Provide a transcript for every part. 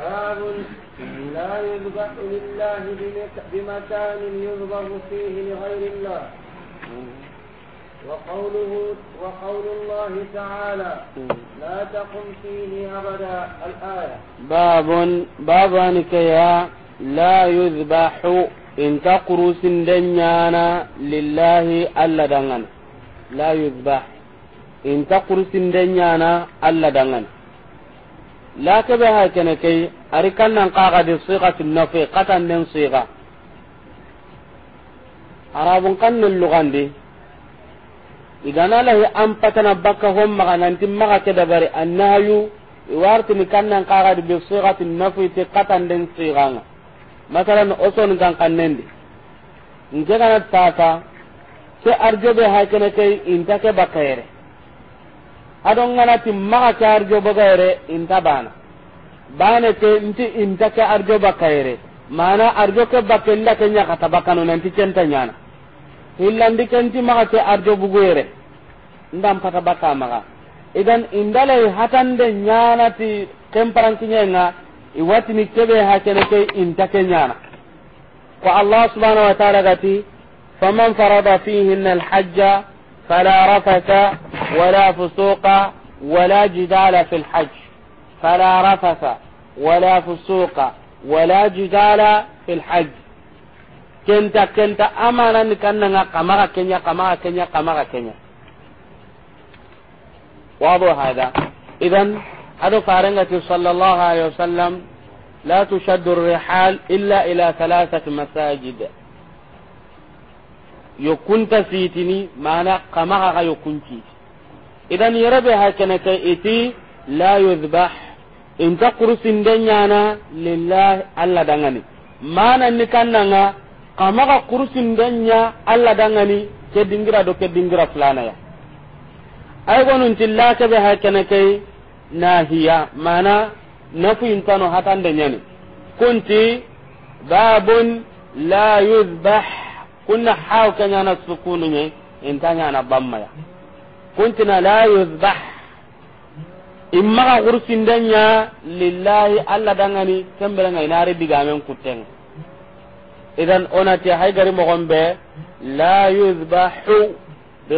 باب لا يذبح لله بمكان يذبح فيه لغير الله وقوله وقول الله تعالى لا تقم فيه ابدا الايه باب باب انك يا لا يذبح ان تقروا سندنيانا لله الا دنان لا يذبح ان تقروا سندنيانا الا دنان la kebe ha kene kai ari kannan qaga de sigatun nafi qatan den siga arabun kannul lugandi igana lahi an patana bakka hon maga nanti maga ke dabari annahayu iwartini kannan qaga de be sigatun nafi te qatan den nga masalan oson kan kannendi nke kana tata ke arjobe ha kene kai intake bakka yere adon ganati maga ke arjo bagayre inta bana bane ke inti inta ke arjo bakayre mana arjo ke bakenda ke nya kata bakano nanti centa nyana hillandi kenti maga ke arjo buguyere ndam pata baka maga idan indale hatande nyana ti kemparankinya nga iwatini kebe hakene ke inta ke nyana ko allah subhanahu wa ta'ala gati faman farada fihinna alhajja فلا رفث ولا فسوق ولا جدال في الحج فلا رفث ولا فسوق ولا جدال في الحج كنت كنت أمانا كنا قمرة كنيا قمرة كنيا قمرة كنيا واضح هذا إذا هذا فارنة صلى الله عليه وسلم لا تشد الرحال إلا إلى ثلاثة مساجد yokunta sitini mana kama ga yokunci idan yarabe hakana ka iti la yuzbah inta kursin na lillah alla dangani mana ni kannanga kamaga kursin danya alla dangani ke dingira do ke dingira fulana ya ay gonun tilla ka be hakana kai nahiya mana nafu intano hatan ni kunti babun la yuzbah kunna haw na sukunu in tanya na bamma ya kuntina la yuzbah imma ka kursin danya lillahi alla dangani kembere ngai nare digamen kuten idan onati hay gari mo gombe la yuzbahu bi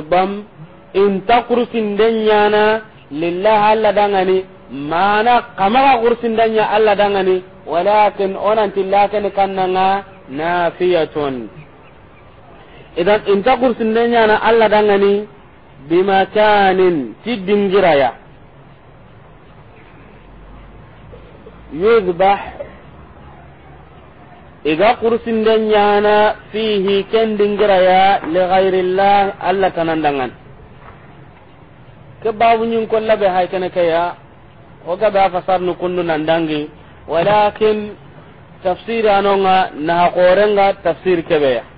in ta kursin danya na lillahi alla dangani mana kamaka kursin danya alla dangani walakin onanti lakani kannanga nafiyatun idan inta kursinde na allah dangani bimakanin ti jiraya yuzbah iga da yana fihi ken dingiraya ligairillah allah tanan dangan ke ko labe hay kana kaya o fasar a kunu nan dangi walakin tafsir anonga naha korenga tafsir kebeya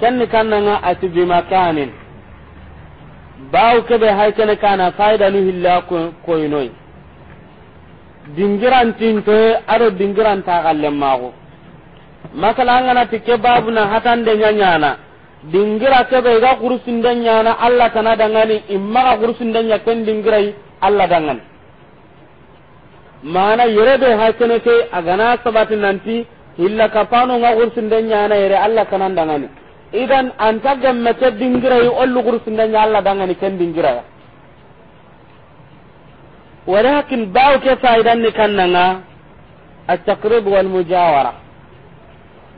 kenni kannanga ati bimakanin bawu kebe hay kene kana faidanu hilla koynoy dingirantintoye aɗo dingirantaxallenmaxu masala anganati ke hatan hatande ñañana dingira kebe ga kurusinde ñana allah kana dangani immaxa kurusinde ña ken dingirai allah dangani mana be hay kene ke agana sabati nanti hilla kapano nga kurusinde na yere allah kana dangani idan an anta gemme dingira yi ollu gursunda nyalla dangani ken ya walakin baw ke faidan ne kan kannanga at-taqrib wal mujawara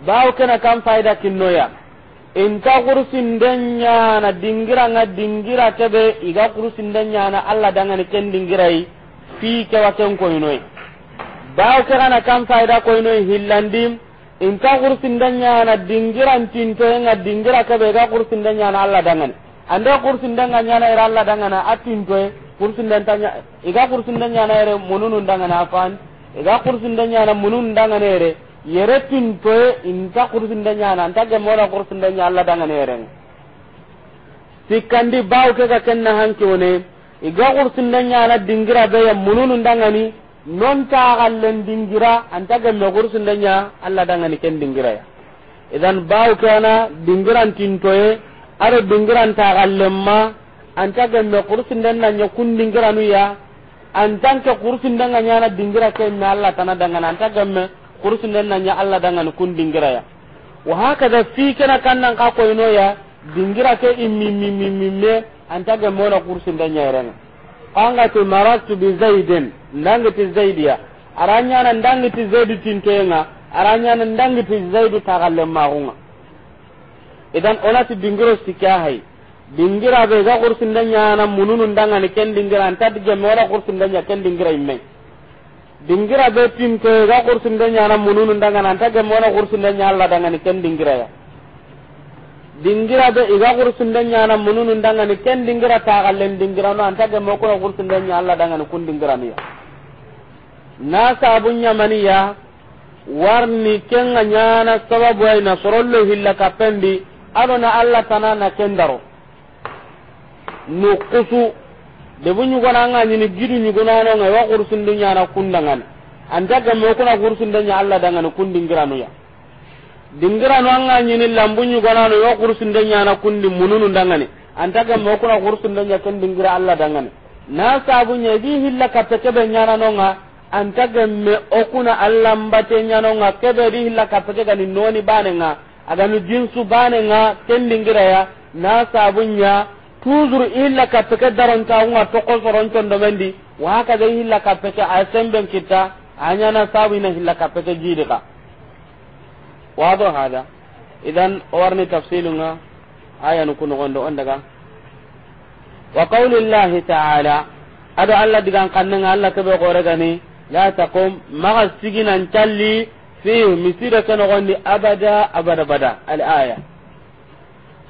baw kana kan faida kin noya in ta kinnoya inta ya na dingira na dingira ta be iga ya na alla dangani ken yi fi ke wa waken koynoy baw kana kan faida koynoy hillandim inta kursinda ñana dingira nga dingira keɓe ga kursinda ñana allah dangani ande kursinda nga ñana ira allah dangana a tintoye kursinda nta iga kursinda ñana yere mununu dangana afan iga kursinda ñana mununu dangana yere yere tintoye inta kursinda ñana anta gemmoɗa kursinda ña allah dangana yerenga sikkandi baw ke ga kenna hankiwone iga kursinda ñana dingira ɓeya mununu dangani non taxallen dingira anta gemme xursundenya allah dangani ken ya idan baw kana dingirantintoye ado ma anta gemme xursundennaña kun dingiranuya antanke xursundenga ñana dingira kemme allah tana dangani anta gemme xursundennaña allah dangani kun dingira ya wa hakada fi kena kannan ka koynoya dingira ke immimimimimme anta gemme wona xursundenñayerenga kanga tu marastu bi zaidin ndangiti zaidiya aranya na ndangiti zaidu tintoyenga aranya na ndangiti zaidu tagalle magunga idan onati dingiro sikya hay dingira be ga kursin danya na mununu ndanga ne ken dingira anta dige mora kursin danya ken dingira imme dingira be tinto ga kursin danya na mununu ndanga anta ge mora kursin danya Allah danga ne ken dingira ya dingira be iga gursunde nyana mununu ni ken dingira tagallen dingira no anta gemme kono gursunde nya Allah dangani kun dingira niya na sabun nyamaniya warni ken nyana sababu ay na sorollo hilla kapendi adona Allah tana na kendaro de bunyu gona anga ni gidu ngai wa gursundu ñana kundangani anta gemme kono gursunde nya Allah dangani kun ya. dingira no anga nyini lambu nyu gona no yo kursun de nyana kundi mununu dangane anta ga mo kuna kursun de nyaken dingira alla dangane na sabu nya di hilla katta kebe nyana no nga anta me okuna alla mbate nyana nga kebe di hilla katta ke gani noni bane nga aga nu jinsu bane nga ken dingira ya na sabu nya tuzuru illa katta ke daron ta nga to ko soron ton do mendi wa ka de hilla katta ke asemben kita anyana sabu ina hilla katta ke jidika واضح هذا إذا أورني تفصيلنا آية نكون غند عندك وقول الله تعالى أدو الله دقان قننا الله كبه غورغني لا تقوم مغا سجنا نتلي فيه مسيرة نغني أبدا أبدا أبدا الآية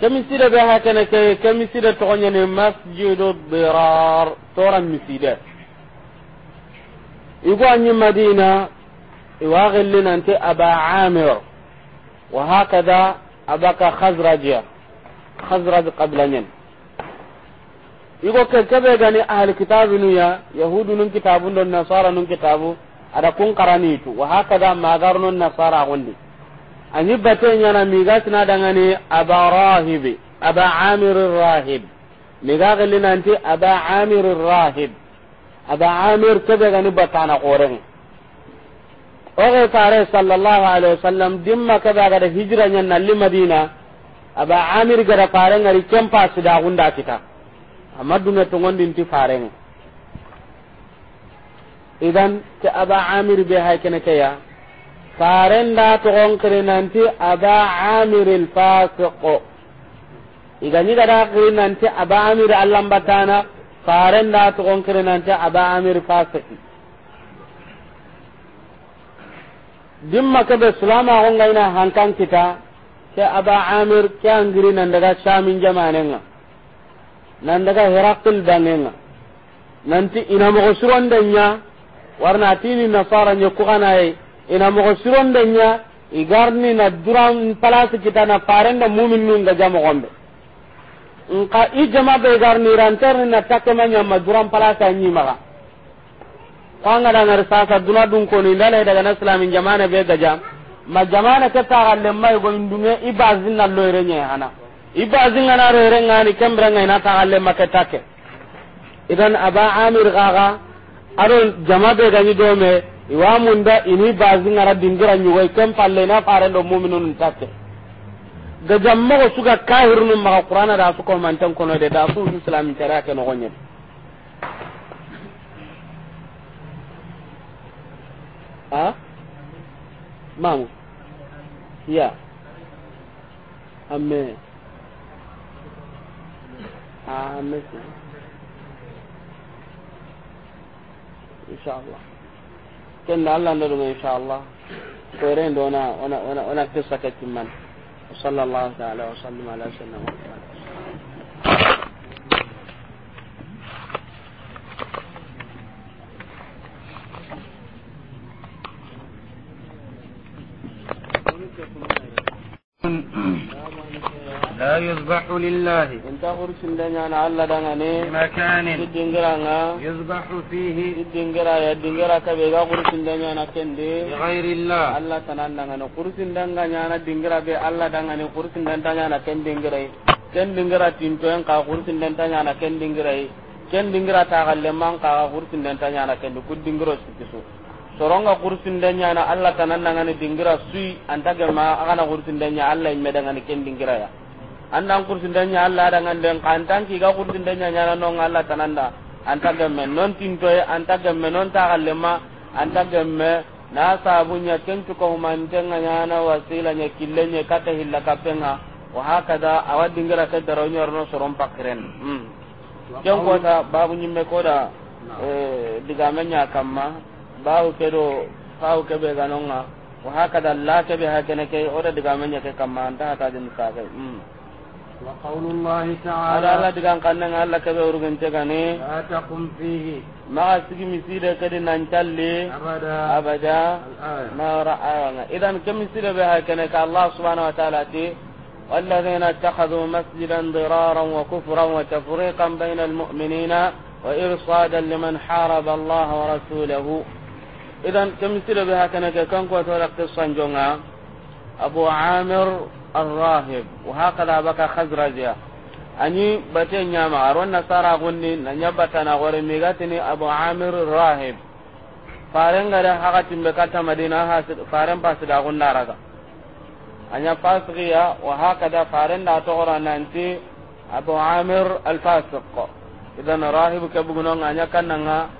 كمسيرة بها كنك كمسيرة تغني مسجد الضرار تورا مسيرة يقول أني مدينة يواغل لنا أنت أبا عامر وهكذا أباك خزرج خزرج قبل نين يقول كبه غني أهل كتاب نيا يهود نون كتاب نون نصارى نون كتاب ada kun karanitu wa hakada magarnon nasara gondi anyi baten yana miga tina dangane aba rahibi aba amir rahib miga galinanti aba amir rahib aba amir kebe gani batana qoren oge fare sallallahu alaihi wasallam dimma ka ba gada hijra nyen nalli madina aba amir gada fare ngari kempa sida gunda kita amma dunya to ngondi inti fare idan ke aba amir be hay kene kaya fare nda to gonkre nanti aba amir al fasiq idan ni gada kre nanti aba amir allah batana fare nda to gonkre nanti aba amir fasiq dimma ke be sulama ko ngaina hankan kita ke aba amir ke angiri nan daga shamin jamanenga nan daga herakl bangenga nanti ina mo denya warna tini nasara nyo ku kanae ina mo denya igarni na duran palasi kita na parenda mumin nun ga jamo gombe nka i jama be garni ranter na takemanya ma duran palasi anyi maga ko nga da ngar sasa duna dun ko ni dalai daga na islamin jamana be gaja ma jamana ke ta galle mai go indunge ibazin na loire nya hana ibazin na rere ngani kembra ngai na ta galle ta ke idan aba amir gaga aro jama be gani do me iwa munda ini bazin ara nyu nyugo kem palle na fare do mu'minun ke ga jamma go suga kahirun ma qur'ana da su ko man tan no de da su islamin tara ke no gonye a mamu ya amme a amme insha Allah ken da Allah ndodo insha Allah ko ren do na ona ona ona sallallahu ta'ala wa لا يذبح لله انت قرش دنيا على دنيا مكان الدنجرانا يذبح فيه الدنجرا يا الدنجرا كبيغا قرش دنيا كندي غير الله الله تنانا انا قرش دنيا انا دنجرا بي الله دنيا قرش دنيا نكندي دنجرا ken dingara tinto en ka kursin den tanya na ken dingara ken dingara ta galle man ka kursin den tanya na ken ku dingaro soronga gursindenya na Allah nan ngani dingira sui antaga ma agana gursindenya Allah imme dengan ken dingira ya andang gursindenya Allah dengan den kantang kursin gursindenya nyana nong Allah tananda antaga men non tintoy antaga men non ta tagalema antaga me na sabunya tu ko mantenga nyana nya killenya kata hilla kapenga wa hakada awadingira kadaro nyorno soron pakren hmm. jonko ta babu nyimme koda eh digamenya kamma bahu kedo fahu kebe ganonga wa hakada la kebe hakene ke oda diga menya ke kamma anta hata jin sagai mm wa qaulullahi ta'ala ala la diga ala ke kebe urgen te gane la taqum fihi ma sigi miside kede nan talle abada abada ma ra'ana idan ke miside be hakene ka allah subhanahu wa ta'ala ti والذين اتخذوا مسجدا ضرارا وكفرا وتفريقا بين المؤمنين وإرصادا لمن حارب الله ورسوله idan kamisira be hakana ke kan ko to rakta sanjonga abu amir arrahib rahib wa hakala baka khazraja ani bate nyama aron nasara gunni na nyabata na gore mi gatini abu amir rahib faren gare hakatin be kata madina ha faren pas da gunna raga anya fasriya wa hakada faren da to gora nanti abu amir al-fasiq idan rahib ke bugunon anya kananga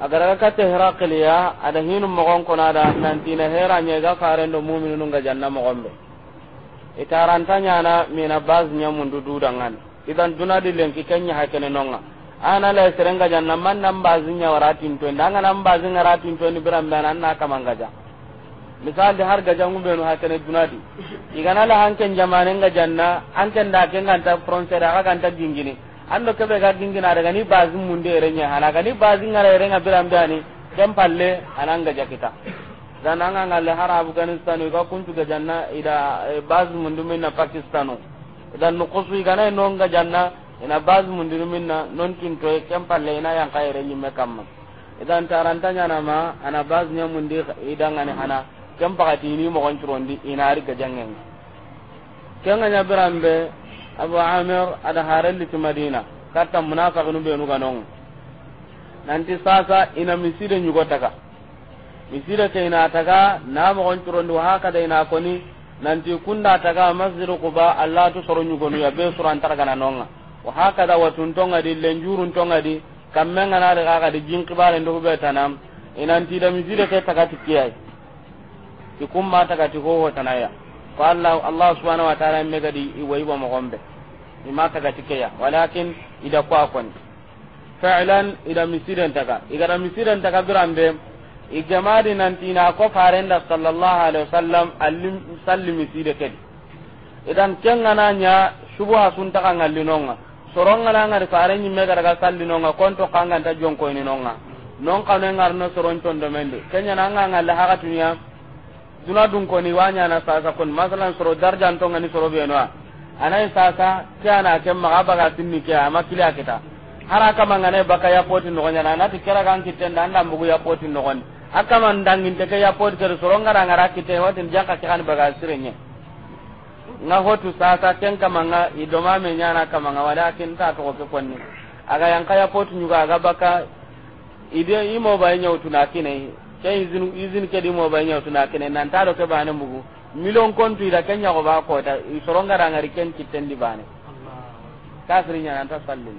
agar ka te hera kiliya ada hinu mogon kona da nanti na hera nya ga faren do mu'minu ga janna mogon be itaranta nya na mina baz nya mun du dudangan idan duna dilen ki kanya hakene nonga ana la serenga janna man nan baz nya waratin to ndanga nan nya waratin to ni biram dan anna kamanga ja misal di har gajan gumbe no hakene dunadi igana la hanken jamane ga janna anken da ken ganta frontier aga ganta jingini ando kebe ga dingina daga ni bazin munde erenya hana ga ni bazin ngara erenga biram dani kem palle ananga jakita dan anga ngalle hara afghanistan ga kuntu ga janna ida e, baz mundu minna pakistano dan nukusu igana nonga janna ina baz mundu na non tinto kem palle ina yang kay erenyi mekam idan tarantanya nama ana baz nya mundi idangane hana kem pakati ni mo kontro ndi ina ari ga jangen kenga nya birambe abu amir ada harelli ti madina katta munafiqun be nu ganon nanti sasa ina miside nyugo taka miside te ina taka na mo gon turondo haka da ina koni nanti kunda taka masjidu quba allah to soro nyugo nu ya be suran tara kana nonga wa haka da watun tonga di lenjurun tonga di kamenga na daga ga di jinkibare ndo be tanam inanti da miside ke taka tikiyai ikumma taka ti ho ho tanaya ko allah allah subhanahu wa ta'ala megadi iwa iwa mo gombe ima taga tikeya walakin ida kwa kon fa'lan ida misiren taga igara misiren taga durambe igamadi nanti na ko farenda sallallahu alaihi wasallam allim sallimi side ked. idan kengana nya subha sun taga ngallinonga soronga na ngari farenyi me garaga sallinonga konto kanga ta jonko ni nonga non kanu ngarno soron tondo mende kenya na nga ngalla haga tunya duna dun ko ni wanya na sasa kon masalan soro darjan tonga ni soro benoa anai sasa kana ken maga baga tinni ke ama kila kita haraka mangane baka ya poti no gonya na ti kera kan kitten dan dan bugu ya poti no gon aka man dangin te ke ya poti ter soronga na ngara kitte watin jaka kan baga sirenye na hotu sasa ken kamanga idoma me nyana kamanga kin ta to ko konni aga yang kaya poti nyuga aga baka ide imo bayenya utuna kine ke izin izin ke di mo bayenya utuna kine nan ta do ke bana mugu million kontu ida kenya go ba ko ta soronga rangari ken kitten di bane kasri nya anta sallin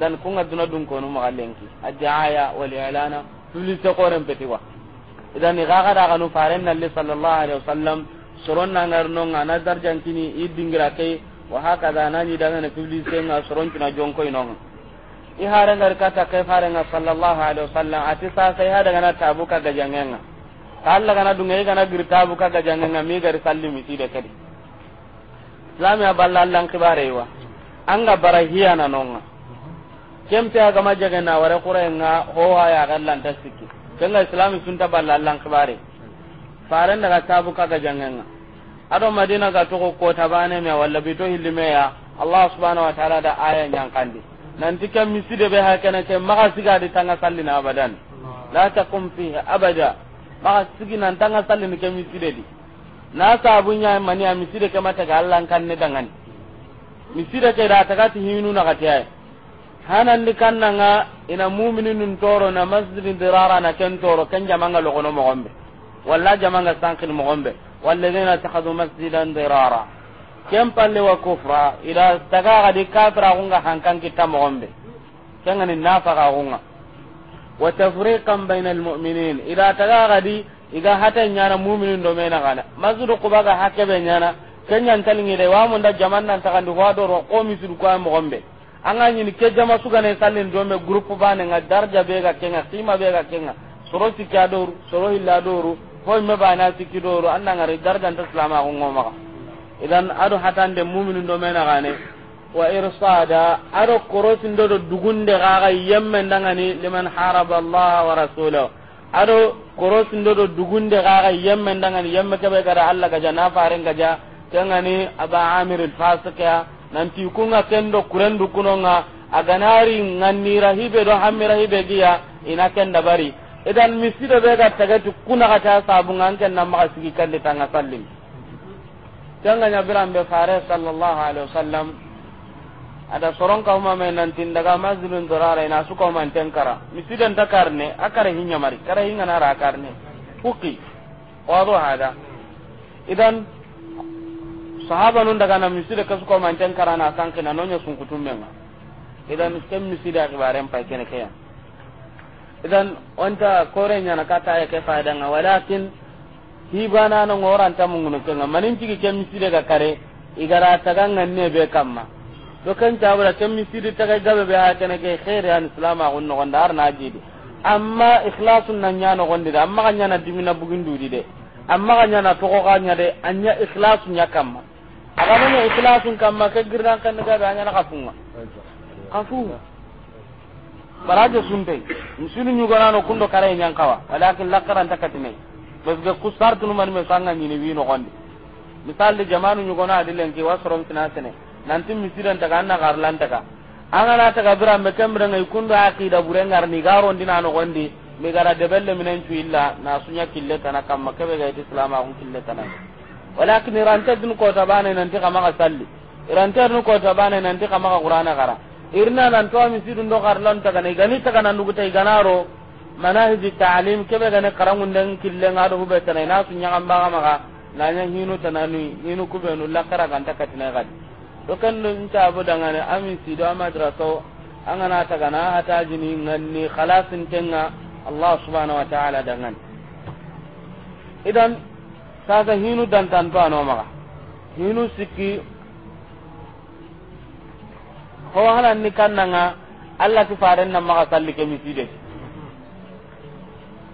dan ko ngaduna dun ko no lenki adaya wal ilana tuli ta ko ren petiwa idan ni gaga da kanu faren nalli sallallahu alaihi wasallam soron na ngarno ngana darjan kini idingira kai wa haka da nani da na tuli sen na soron kina jonko inon i harengar ta kai farenga sallallahu alaihi wasallam ati sa sai daga na tabuka gajangenga ka kana dunga yi kana girta bu kaka jange nga mi gari salli si da kadi islami aballa Allah kibare wa an ga barahiya na nonga kempe aga majaga na ware kure nga ho haya ya Allah ta sikki kanga islami sun ta balla Allah kibare faran daga tabu kaka gajan nga ado madina ga to ko bane me walla bito hillime ya Allah subhanahu wa ta'ala da aya nyan kandi nanti kam miside be hakana ke maka siga di tanga salli na abadan la taqum fiha abada maka ah, sigi nan tanga salli ni kemi di na sabu nya mani ami side kama ta ga Allah kan ne dangan mi ke da ta ti hinu na ga tiya hanan ni nga ina nun toro na masjidin dirara na ken toro kan jamanga lokono mo gombe walla jamanga sankin mo gombe ta takhadhu masjidan dirara kem palle wa kufra ila ga di kafra gunga hankan kita mo gombe kenga ni nafa ga gunga wa tafriqan bainal mu'minin ida taga gadi iga hata nyana mu'minin do mena kana mazudu kubaga hakebe nyana kenyan talingi de wa nda jaman nan taga ndu wado ro qomi su ko am gombe anga nyini ke jama su gane sallin do me ba bane nga darja be ga kenga sima be ga kenga soro sikya doru soro illa doru hoy me bana sikki doru annanga re darja nda salama ko ngoma idan adu hatande mu'minin do mena kana wa irsada aro korotin do dugunde gaga yemmen dangani liman haraba allah wa rasulahu aro korotin do dugunde gaga yemmen dangani yemma kebe kada allah ga na faren gaja tangani aba amir al fasika nanti kunga kendo kuren kurendu kunonga aganari nganni rahibe do hammi rahibe giya ina kenda bari idan misido be ga tagati kuna ga ta sabu nganken nan maka sigi kande tanga sallim tanga nyabira be fare sallallahu alaihi wasallam ada soron ka huma mai nan tin daga mazlun dorara ina su ko man tenkara misidan ta karne akara hinya mari kare hinga na ra karne huki wado hada idan sahaba nun daga na misida su ko man tenkara na sankina nonya sun kutummen idan kem misida kibaren pa kene kaya idan onta nya na kata ya ke faida nga walakin hibana na ngoranta mun kenga manin tigi kem misida ga kare igara taganga ne be kamma do kan jabara kan misiri ta ga gabe be ha kana ke khair ya islam a gonno gonda ar na jidi amma ikhlasun nan nya no gonde amma kan nya na dimina bugin dudi de amma kan nya na to ko kan nya de anya ikhlasun nya kamma aga manya ikhlasun kamma ke girna kan ga be anya na kafunga kafunga baraje sunte musulu nyugo nano kundo kare nyang kawa walakin lakaran takatine basga kusar tunu man me sanga ni ni wino gonde misal de jamanu nyugo na adilen ki wasrom tinasene nanti misiran daga anna garlan daga angana taga bira me kembre ngai kundo aqida ngar ni garon dina no gondi mi gara debelle minen tu illa na sunya kille kana kamma kebe ga islam akun kille kana walakin iranta dun ko tabane nanti kama ga salli iranta dun ko tabane nanti kama ga qur'ana gara irna nan to mi sidun do garlan taga ne gani taga nan dugu tay ganaro manahiji ta'lim kebe ga ne karangun den kille ngado hube tana na sunya kamba ga maga nanya hinu tanani hinu kubenu lakara ganta katina gadi to kendo nta daga ne amin si sido amadraso angana tagana hatajini nganni khalasin kenga allah subhanahu wa ta'ala dangan idan sasa hinu dantan to ano maga hinu sikki ko halan ni kannanga allah ti faren nan maga salli ke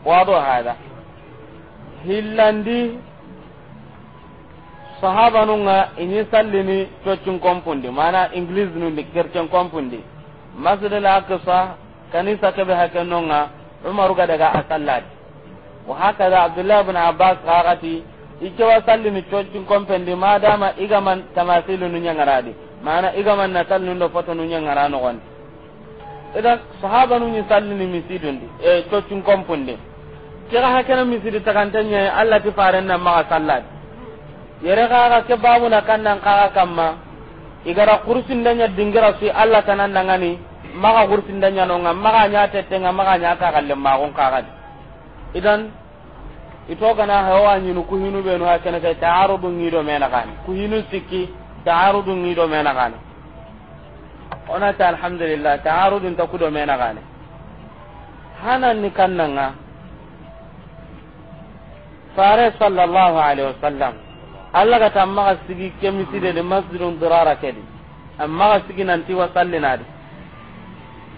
wa do hada hillandi sahaba nunga ini sallini cocin kompundi mana english nundi kercen kompundi masjidil aqsa kanisa kebe nun ga umaru ga daga a sallati wa da abdullahi bin abbas haqati ikewa sallini tocin kompundi madama igaman tamasilu nunya ngaradi mana igaman natal nundo foto nunya ngarano gon idan sahaba nunyi sallini misidundi e eh, cocin kompundi kira hakena misidi takantanya allah ti nan ma sallati yere kaga ke babu na kannan kaga kamma igara kursin danya dingira su Allah tanan dangani maka kursin danya ngam maka nya ngam maka nya ka kalle ma gon kaga idan ito kana hawa ni ku hinu be no hakana ka ta'arudun do mena kan ku hinu sikki ta'arudun do mena kan ona ta alhamdulillah ta'arudun ta do mena kan hanan ni nga fare sallallahu alaihi wasallam allah ga tamma ga sigi kemisi de masjidun durara kedi amma ga sigi ti wa nadi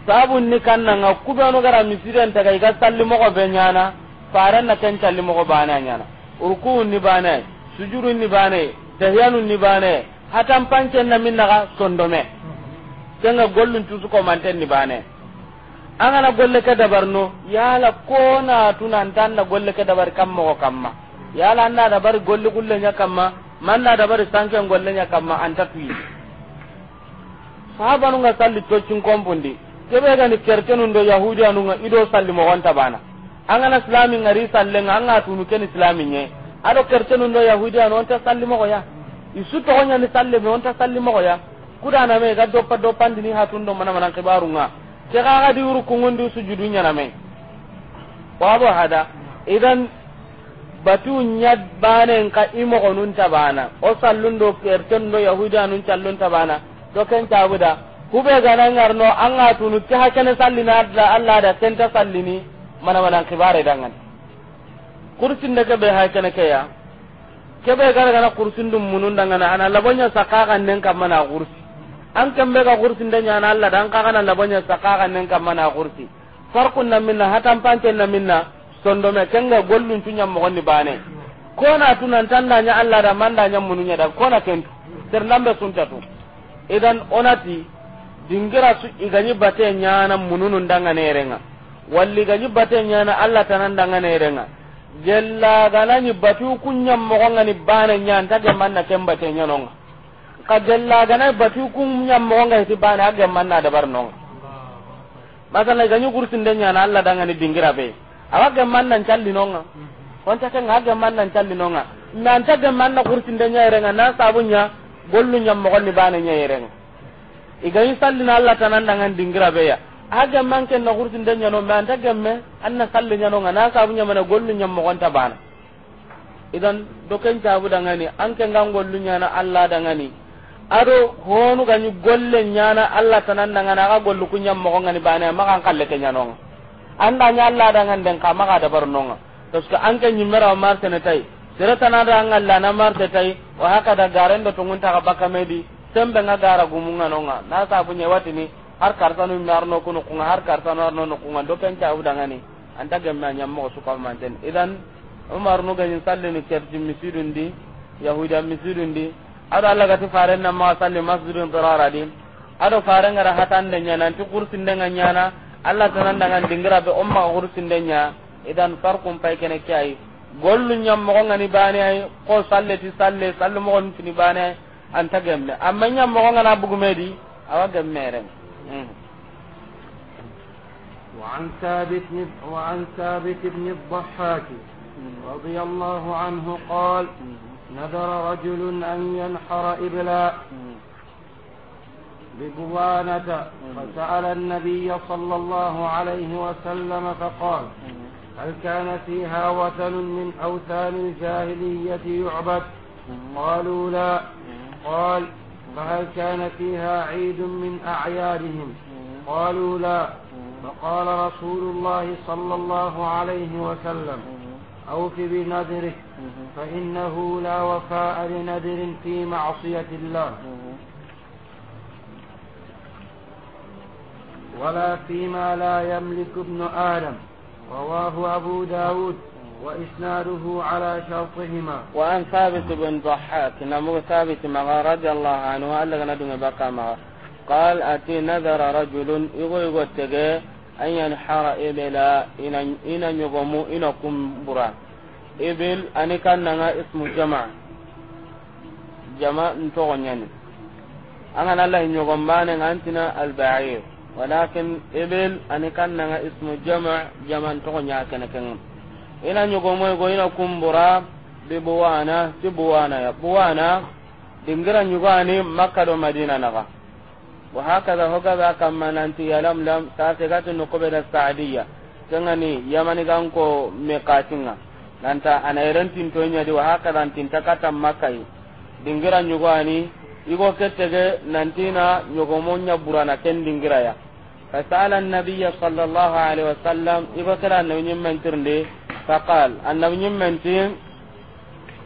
sabun ni kanna nga kubenu gara misiden taga ga salli mo ko benyana faran na ken salli ko bana nyana urkuun ni bana sujuru ni bana tahyanun ni bana hatan pancen na minna ga sondome kenga gollun tusu ko manten ni bana angana golle ka dabarno yala kona tunan tan na golle ka dabar kam mogo kamma yala anna da bari golli gulle nya kamma man na da bari sanke golle nya kamma anta tuyi sahaba nu ga salli to cin kombundi be ga ni kerkenu ndo yahudi anu ga ido salli mo wanta bana angana islami ngari salle nga anga tunu ken islami nye ado kerkenu ndo yahudi anu onta salli mo ya isu to honya ni salli mo wanta salli mo ya kuda na me ga doppa ni ndini hatun do mana mana kibaru nga ke ga ga di uru kungundu sujudunya na me wa hada idan batu nyad bane ka imo gonun tabana o sallun do kerten do yahuda nun sallun tabana do ken tabuda kube ganan garno an ga tunu ti hakene sallina da Allah da ta sallini mana mana kibare dangan kursin da kebe hakene kaya kebe gara gara kursin dum munun dangana ana labonya sakakan nen kam mana kursi an be ga kursin da nyana Allah dan kakana labonya sakakan nen kam mana kursi farqun na minna hatan pancen na minna sondome kenga gollun tunya mo gonni bane ko na tunan tanda nya alla da manda nya mununya da ko na kentu ter lambe sunta idan onati dingira su iganyi bate nyana mununun danga ne renga walli ganyi bate nyana alla tanan danga ne renga jella ganani batu kunya mo gonga ni bane nya ta ga manna kemba te nyanonga ka jella gana batu kunya mo gonga ti bane aga manna da barnonga masala ganyu kursin denya na Allah danga ni dingira be awa man nan calli nonga ta ke nga man nan calli nonga nan ta man na kurtin da nya irenga na sabunya gollu nyam mo golli bana nya irenga igay salli na Allah tanan da ngan dingira be ya aga man ken na kurtin da nya no man ta gemme na salli nya no nga na sabunya mana gollu nyam mo gonta bana idan doken bu da ngani an ken ngan gollu nya na Allah da ngani ado honu ni golle nya na Allah tanan da ngana ga gollu kunya mo gonni bana ma kan kalle ken nya anda nya Allah da ngan den kama ka da barnonga to ska an kan nyimera mar tane tai sira tana da ngal la na mar tai wa haka da garen da tungunta ka baka medi sembe nga gara gumunga nonga na sa bunye wati ni har kartanu marno kunu kunga har kartanu arno no kunga do ken ta udanga ni anta gamma nyammo su ka manten idan umar nu ganyin salle ni kerji misidundi yahuda misidundi ado Allah gati faren na ma salle masjidun dirara di ado faren gara hatan da nyana ti kursin nyana allah ta tanan dangan dingira be umma hursindenya idan farkum pay kene kiyai gollu nyam mo ngani bane ay ko salle ti salle sallu mo ngani tini bane anta gemme amma nyam mo ngana bugu bugumedi awa gemmeren hmm. وعن ثابت وعن ثابت بن الضحاك hmm. رضي الله عنه قال hmm. نذر رجل أن ينحر إبلا ببوانة فسأل النبي صلى الله عليه وسلم فقال هل كان فيها وثن من أوثان الجاهلية يعبد قالوا لا قال فهل كان فيها عيد من أعيادهم قالوا لا فقال رسول الله صلى الله عليه وسلم أوف بنذره فإنه لا وفاء لنذر في معصية الله ولا فيما لا يملك ابن آدم رواه أبو داود وإسناده على شرطهما وأن ثابت بن ضحاك نمو ثابت مغا رضي الله عنه وقال لك ندم بقى مغا قال أتي نذر رجل يغو يغو تغي أن ينحر إبلا إن يغمو إن كمبرا إبل أني كان اسم جمع جمع نتغنيني أنا الله يغمباني أنتنا البعير walakin ibil ani nanga ismu jama jaman nya ñakene kenga ina ñogomoy go ina kumbura bi buwana ti buwana ya buwana dingira ñugani makka do madina naga wa hakaza hogaza kamma nanti yalamlam sase gati nokoɓeda sadiya kengani yamani ganko me katinga nanta ana erentintoñadi wa hakaza ntinta katta makkayi dingira ñugani igo kettege nantina ñogomo ñaburana ken dingiraya fasala annabiya sala allahu alaihi wasallam igo kera annabi ñimmentirndi faqal annabi ñimmenti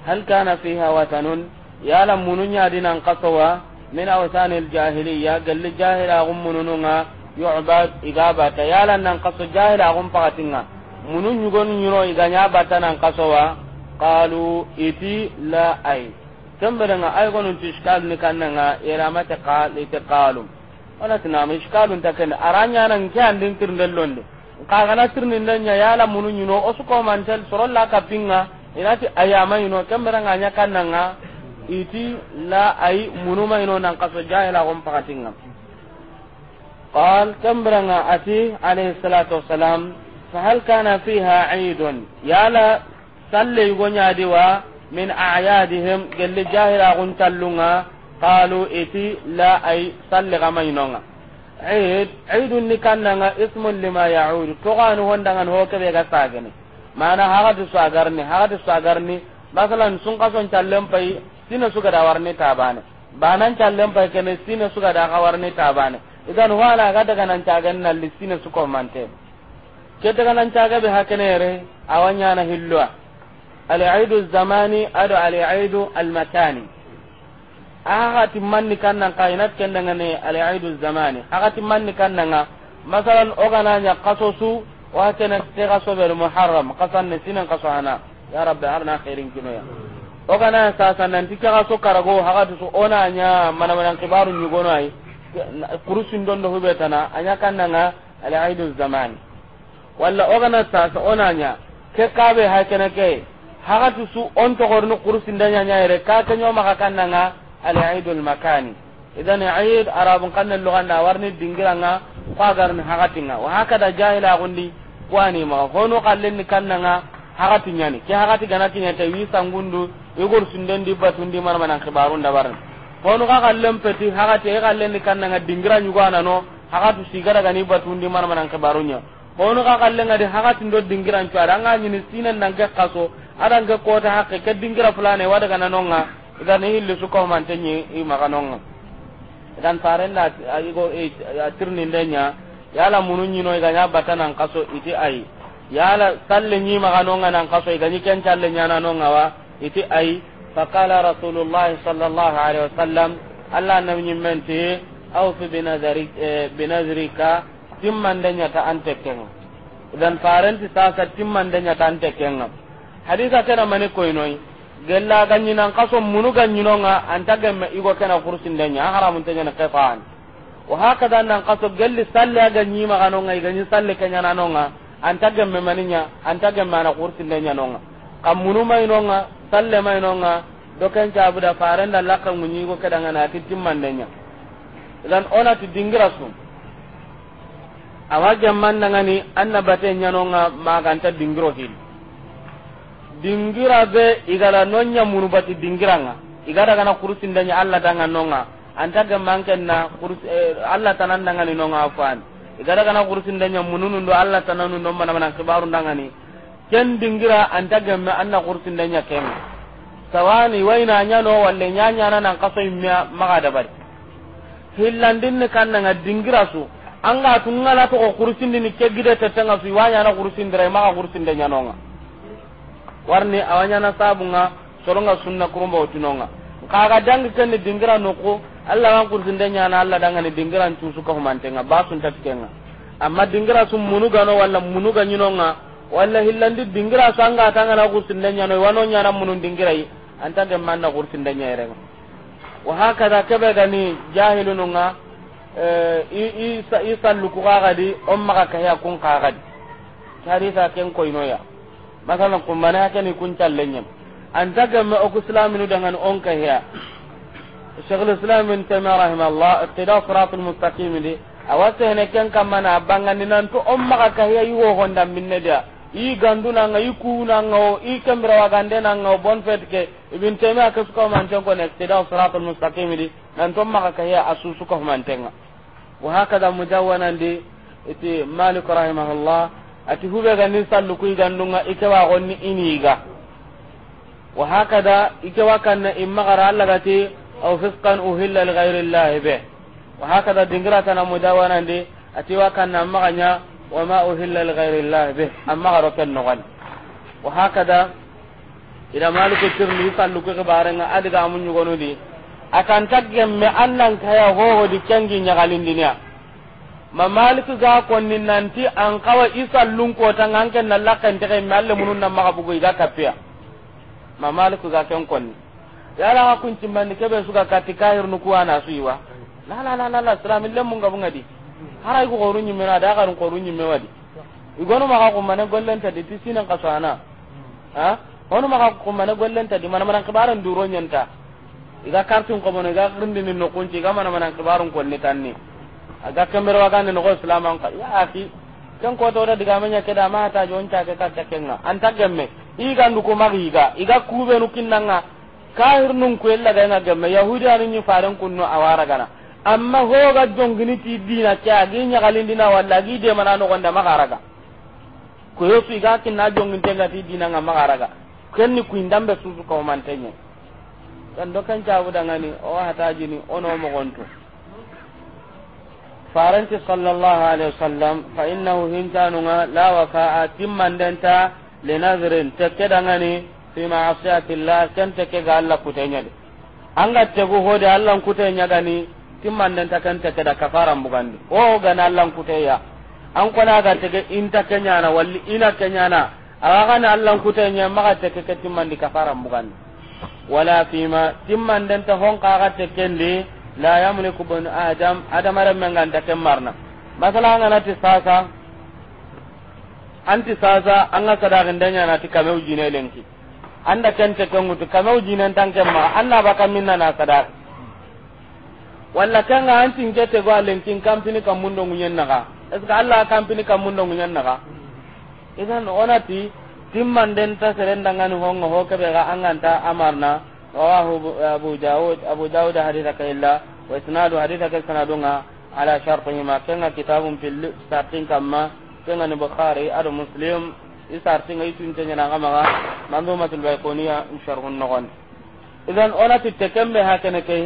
hal kana fiha watanun yala munu nan kasowa min awsani jahila galli jahilagum munununga yucbad iga bata yala nan kaso jahilagum pakatinga munu ñugonu ñino iga ñabata nan kasowa qalu iti la ai kembere nga ay gonu tishkal ni kannanga irama ta qal itiqalu wala mi ishkalun ta kende aranya nan kyan din tirndel londe ka gana tirnin den nya yala munu nyuno tel mantel la ka pinga inati ayama ino kembere nga nya kanna nga iti la ay munuma ino nan kaso jahila gon pakatinga ati alayhi salatu wassalam fa hal kana fiha aidun عيد يالا صلي يغني wa. min ayadihim gelli jahira gun tallunga qalu iti la ay salli gamainonga عيد عيد نكنا اسم لما يعود تغان هندان هو كبي غساغني ما انا هاغد ساغرني هاغد ساغرني مثلا سن قصن تلم باي سينا سوغا داورني تابانه بانان تلم باي كن سينا سوغا داورني تابانه idan wala ga daga nan ta ganna lissina su ko ke daga nan ta ga re awanya na العيد الزماني أدو العيد المكاني أغاتي من كان قاينات كان العيد الزماني أغاتي من كان مثلا أغنى قصص وهكذا تغصو بالمحرم قصن نسينا قصعنا يا رب أرنا خيرين كنويا ogana sasa nanti kaga so karago haga to ona nya mana mana kibaru nyugono ai kurusin don do hubetana anya kannanga al aidul Zamani. walla ogana sasa ona nya ke kabe ke hagatu su on togorni kurusindanyayere ka keñomaka al aidul makani idan aid arabun kanne luganda warni dingiranga kwagarni tinga wa haka da hakada jahilagundi ma maga hono kallenni kannanga hagati ñani ke hagati gana kiñete wi sangundu di batundi da kibarundabarni hono ka kallen peti hagati i e kallenni nga dingira ñuganano hagatu gani batundi marmanan nya hono ka kallengadi hagati ndo dingirancuade anga ñini sinendanke kaso adan ga kota hakke ke dingira fulane wada kana nonga idan hilli su ko man tanyi i maka nonga idan na da go e atirni ndenya yala munu nyino ga nya batana kaso iti ai yala talle nyi maka nonga nan kaso ga nyi kan talle nyana nonga wa iti ai faqala rasulullah sallallahu alaihi wasallam alla nabi menti aw fi binazari e, binazrika timmandenya ta antekenga idan sa timman timmandenya ta antekenga hadisa tena mani koynoy gella nan kaso munu no nga anta gemme igo kena denya haram tenya na qifan wa hakada nan kaso gelli ma ganyima ganonga iganyi salle kenya nanonga anta gemme maninya anta gemme na no nga kam munu mai no mainonga salle mainonga doken cabuda farenda lakka munyigo kedanga na dan ona onati dingira sun awa gemmandangani anna bate nyanonga maganta dingiro hin dingira be igara nonya munu bati nga igara kana kurusi ndanya Allah tanga nonga anta gamanken na kurus eh, Allah tanan danga ni nonga afan igara kana kurusi ndanya mununu do Allah tananu no mana mana kibaru danga ni ken dingira anta gamme anna kurusi ndanya kem sawani waina nyano walle nyanya nan an kaso imya bari. dabar hillandin ne kan nga dingira su an ga tungala to kurusi ndini kegide tetanga su wanya na kurusi ndira maga kurusi ndanya nonga warni na sabunga soronga sunna kurumba utinonga kaga dangi kenni dingira noko Allah zinda nya na Allah dangani dingira suka ka nga basun tatkenga amma dingira sun munuga no walla munuga nyinonga walla hillandi dingira sanga tanga na nya no wano nyana munun dingira yi anta de manna kursinde nyaerenga wa hakada kebe gani jahilununga eh, i lukuga gadi umma ka kaya kun gadi tarisa ken ya masalan kumbane hakeni kun an anta ma oku silaminu dangan onka hiya شيخ awase ken ka kahiya honda i ganduna nga i nga o i nga bon fet ke ibn ka suka man ne tida siratal mustaqim di nantu omma ka kahiya man wa hakada di iti malik rahimahullah ati hube ga ni sallu ku igandunga ike wa gonni iniga wa hakada ike wa kanna imma gara Allah gati aw fisqan uhilla li ghayri Allah be wa hakada dingira tana mudawana ndi ati wa kanna amma ganya wa ma uhilla li ghayri Allah be amma garo ken nogal wa hakada ida maliku tirmi sallu ku nga adiga mun nyugonodi akan tagge me annan kaya hoho di kengi nyagalindinya ma malik ga konni nanti an kawa isallun kota ngan ken na lakan de kai malle munun na maka bugu ga kapia ma malik ga ken konni yala ka man ke be suka katika hir kuwa na suiwa la la la la la salamin lem mun ga bunga di harai ko gorunyi me na da ga ko gorunyi me wadi igono maka ko mane gollen ta di tisinan kasana ha ono maka ko mane gollen ta di mana mana kibaran duro nyanta iga kartun ko mona ga rindini no kunci ga mana mana kibarun ko ni tanni aga kembere waga ne nogo islaman ka ya afi kan ko to da diga menya keda ma ta jon ta ke ka ta kenga anta gemme iga nduko magiga iga kube nu kinnanga kahir nun ko ella ga na gemme yahudi an ni faran kunno awara gana amma ho ga jongini ti dina kya gi nya dina walla gi de manano gonda ga ko yo fi ga na jongin tenga ti dina nga ken ni ku indambe susu ko mantenye kan do kan jawu dangani o hataji ni ono mo gonto faranti sallallahu alaihi wasallam fa innahu hintanunga la waka'a timmandenta linazrin tekke dangani fi ma'asiyati llah ken tekke ga allah kutenyadi anga tegu hode allah kutenyagani timmandenta ken tekke da kafaran bugandi o gana allah kuteya an kona ga tege inta kenyana walli ina kenyana kana allah kutenya tekke ke timmandi kafaran bugandi wala fima timmandenta ga la yamliku banu adam adam aran men ganta ken marna masala ngana ti sasa anti sasa anga kada gendanya na ti kamau jine lenki anda ken te ken mutu kamau jine tan ken ma anna baka minna na kada walla kan ga anti ngete go lenki kampini kam mundo ngunyen naga eska alla kampini kam mundo ngunyen naga idan onati timman den ta serendangani hongo hokebe ga anganta amarna رواه أبو داود أبو داود حديثك إلا وإسناد حديثك سندنا على شرطهما كان كتاب في السارتين كما كان البخاري أو مسلم إسارتين يتون تنينا غمغا منظومة البيقونية شرح النغن إذن أولا تتكمل هكذا كي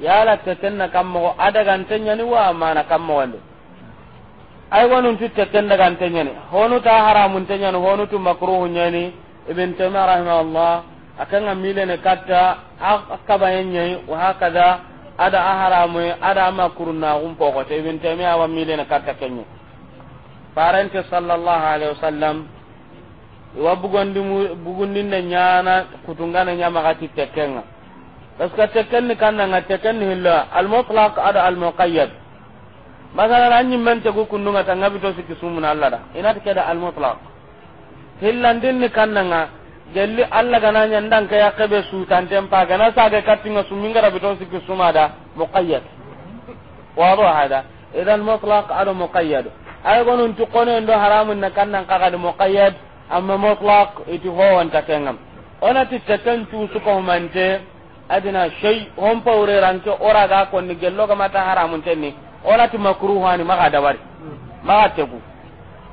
yala tetenna kammogo adaganteyani wa mana kammogande ay wonuntu tetten daganteyani honuta haramunteyani honutu makruhunyani ibn taimia rahimahullah akanga ne katta akaba nyai wa hakada ada aharamu ada makurna gumpo poko te ibn tamiya wa ne katta kenyo parente sallallahu alaihi wasallam wa bugondi bugundi na nyana kutungana nyama kati tekenga paska tekenni kanna nga tekenni hilla al mutlaq ada al muqayyad masala anyi mente te ku kunnga tanga bito sikisumuna allada inat keda al mutlaq ndin ni kanna nga gelli alla gana nyandan kaya kebe tantem tempa gana sage katinga suminga rabiton sikki sumada muqayyad ro hada idan mutlaq ado muqayyad ay gonun tu konen ndo haramun na kannan kaga do muqayyad amma mutlaq iti wan takengam ona ti tatan tu su ko mante adina shay hon pawre ranke ora ga kon ni gello ga mata haramun tenni ona ti makruhani maga dawari maga tebu